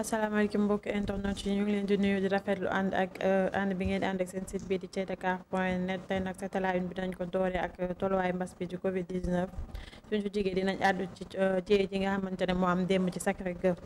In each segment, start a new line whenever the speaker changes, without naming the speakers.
asalaamaaleykum mbokk internet yi ñu ngi leen di nuyu di rafetlu ànd ak euh, ànd bi ngeen ànd ak seen site bi di thieytakar point net tey nag sa talaay bi dañ ko doore ak tolluwaay mbas bi di covid 19 suñu jigéen dinañ addu ci euh, jiyee ji nga xamante ne moo am démb ci Sacré-Cœur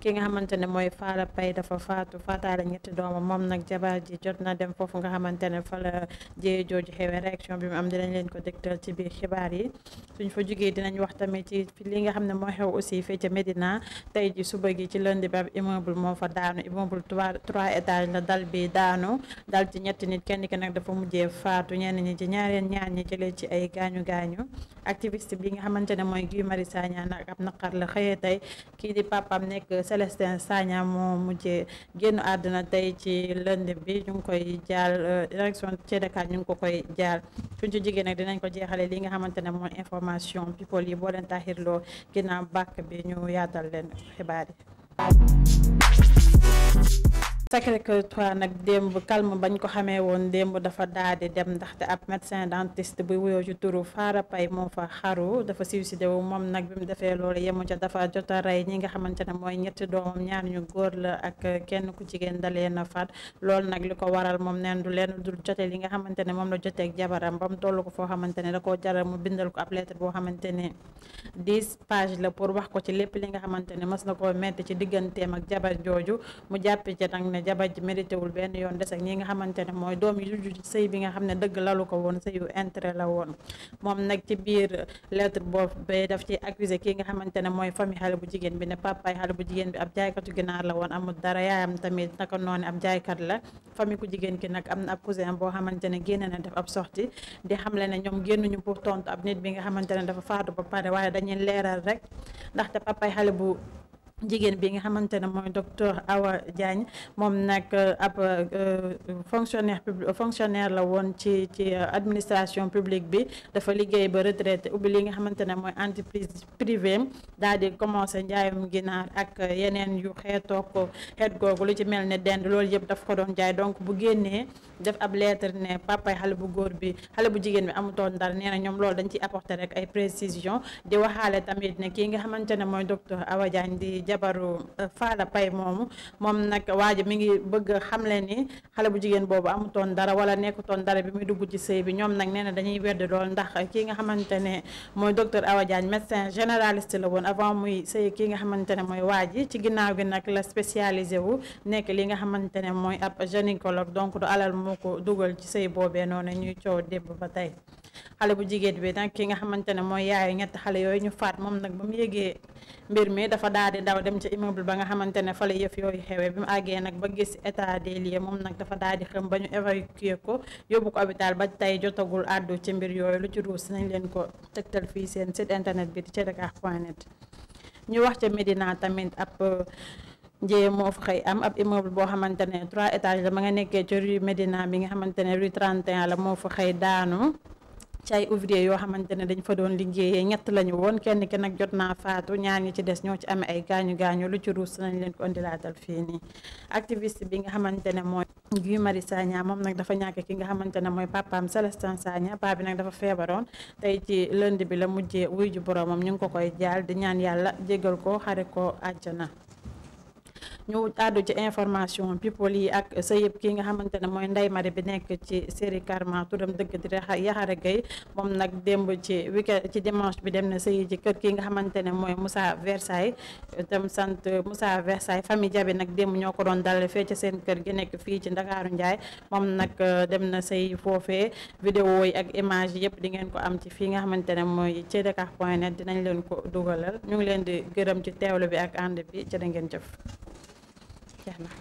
ki nga xamante ne mooy Falla pay dafa faatu faataale ñetti doomam moom nag jabar ji jot na dem foofu nga xamante ne fa la jiyee jooju xewee réaction bi mu am dinañ leen ko dégtal ci biir xibaar yi suñ fa jugee dinañ wax tamit ci li nga xam ne moo xew aussi fii ca Médina tey ji suba gi ci lundi bi ab immeuble moo fa daanu immeuble trois étages la dal bi daanu dal ci ñetti nit kenn ki nag dafa mujjee faatu ñenn ñi ci ñaareen ñaar ñi jëlee ci ay gaañu activiste bi nga xamante ne mooy Guy Marius Sagna nag ab naqar la xëyee tey kii di papam nekk Célestin Sagna moo mujjee génn àdduna tey ci lënd bi ñu ngi koy jaal euh, direction Thiédakar ñu ngi ko koy jaal suñ ci jigéen nag dinañ ko jeexale li nga xamante ne mooy information people yi boo leen taxirloo ginnaaw bàkk bi ñu yaatal leen xibaar Sacré-Cœur nag démb calme bañ ko xamee woon démb dafa daade dem ndaxte ab médecin dentiste bu wuyoo ci turu Fara Pay moom fa xaru dafa suicidé wu moom nag bi mu defee loolu yemu ca dafa jot a rey ñi nga xamante ne mooy ñetti doomam ñaar góor la ak kenn ku jigéen dalee na faat loolu nag li ko waral moom neen du leen dul jote li nga xamante ne moom la jotee jabaram ba mu toll ko foo xamante ne da koo jaral mu bindal ko ab lettre boo xamante ne dix page la pour wax ko ci lépp li nga xamante ne mas na koo metti ci digganteem ak jabar jooju mu jàpp ci ne jabar ji mérité wul benn yoon des ñi nga xamante ne mooy doom yu juddu sëy bi nga xam ne dëgg lalu ko woon sëyu intérêt la woon moom nag ci biir lettre boobu ba def ci accusé kii nga xamante ne mooy famille xale bu jigéen bi ne papaay xale bu jigéen bi ab jaaykatu ginaar la woon amul dara yaayam tamit naka noonu ab jaaykat la famille ku jigéen ki nag am na ab cousin boo xamante ne génne na def ab sortie di le ne ñoom génnuñu pour tontu ab nit bi nga xamante ne dafa faatu ba pare waaye dañuy leeral rek ndaxte papaay xale jigéen bi nga xamante ne mooy docteur Awa Diagne moom nag euh, ab euh, fonctionnaire public fonctionnaire la woon ci ci euh, administration publique bi dafa liggéey ba retraité ubbi li nga xamante ne mooy entreprise privée daal di commencé njaayum ginaar ak yeneen yu xeetoo ko xeet googu lu ci mel ne dend loolu yëpp daf ko doon jaay donc bu génnee def ab lettre ne papay xale bu góor bi xale bu jigéen bi amutoon dara nee ñoom loolu dañ ci apporter rek ay précision di waxaale tamit jabaru euh, Fada pay moomu moom nag waaji mi ngi bëgg xamle ni xale bu jigéen boobu amutoon dara wala nekkutoon dara bi muy dugg ci sëy bi ñoom nag nee na dañuy wedd lool ndax kii nga xamante ne mooy docteur Awa Diagne médecin généraliste la woon avant muy sëy kii nga xamante ne mooy waaji ci ginnaaw gi nag la spécialisé wu nekk li nga xamante ne mooy ab gynécologue donc du alal moo ko dugal ci sëy boobee noonu ñuy coow démb ba tey xale bu jigéen bi nag ki nga xamante ne mooy yaayu ñetti xale yooyu ñu faat moom nag ba mu yëgee mbir mi dafa daal di daw dem ci immeuble ba nga xamante ne fa la yëf yooyu xewee bi mu àggee nag ba gis état des lieux moom nag dafa daal di xëm ba ñu évacuer ko yóbbu ko hôpital ba tey jotagul àddu ci mbir yooyu lu ci ruus nañ leen ko tegtal fii seen site internet bi di ci dakar point net ñu wax ca Medina tamit ab euh, njëye moo fa xëy am ab immeuble boo xamante ne trois étages la nga nekkee ci rue bi nga xamante ne rue 31 la moo fa xëy daanu ci ay ouvrier yoo xamante ne dañ fa doon liggéeyee ñett lañu woon kenn ki nag jot naa faatu ñaar ñi ci des ñoo ci amee ay gaañu gaañu lu ci ruus nañ leen ko indilaatal fii nii activist bi nga xamante ne mooy Guy Marius Sagna moom nag dafa ñàkk ki nga xamante ne mooy papaam Célestin Sagna paa bi nag dafa feebaroon tey ci lundi bi la mujjee wuy ju boroomam ñu ngi ko koy jaal di ñaan yàlla jégal ko xare ko na ñu àddu ci information people yi ak sëyëb ki nga xamante ne mooy Ndeye bi nekk ci série Karma dem dëgg di Yaxare Gueye moom nag démb ci ci dimanche bi dem na sëyi ci kër ki nga xamante ne mooy Moussa Versailles tam sant Moussa Versailles famille Jabi nag démb ñoo ko doon dal fee ci seen kër gi nekk fii ci Ndakaaru Njaay moom nag euh, dem na sëy foofee vidéo yi ak image yëpp di ngeen ko am ci fii nga xamante ne mooy ci dakar point net dinañ leen ko dugalal ñu ngi leen di gërëm ci teewlo bi ak ànd bi ci dangeen jëf Gerne.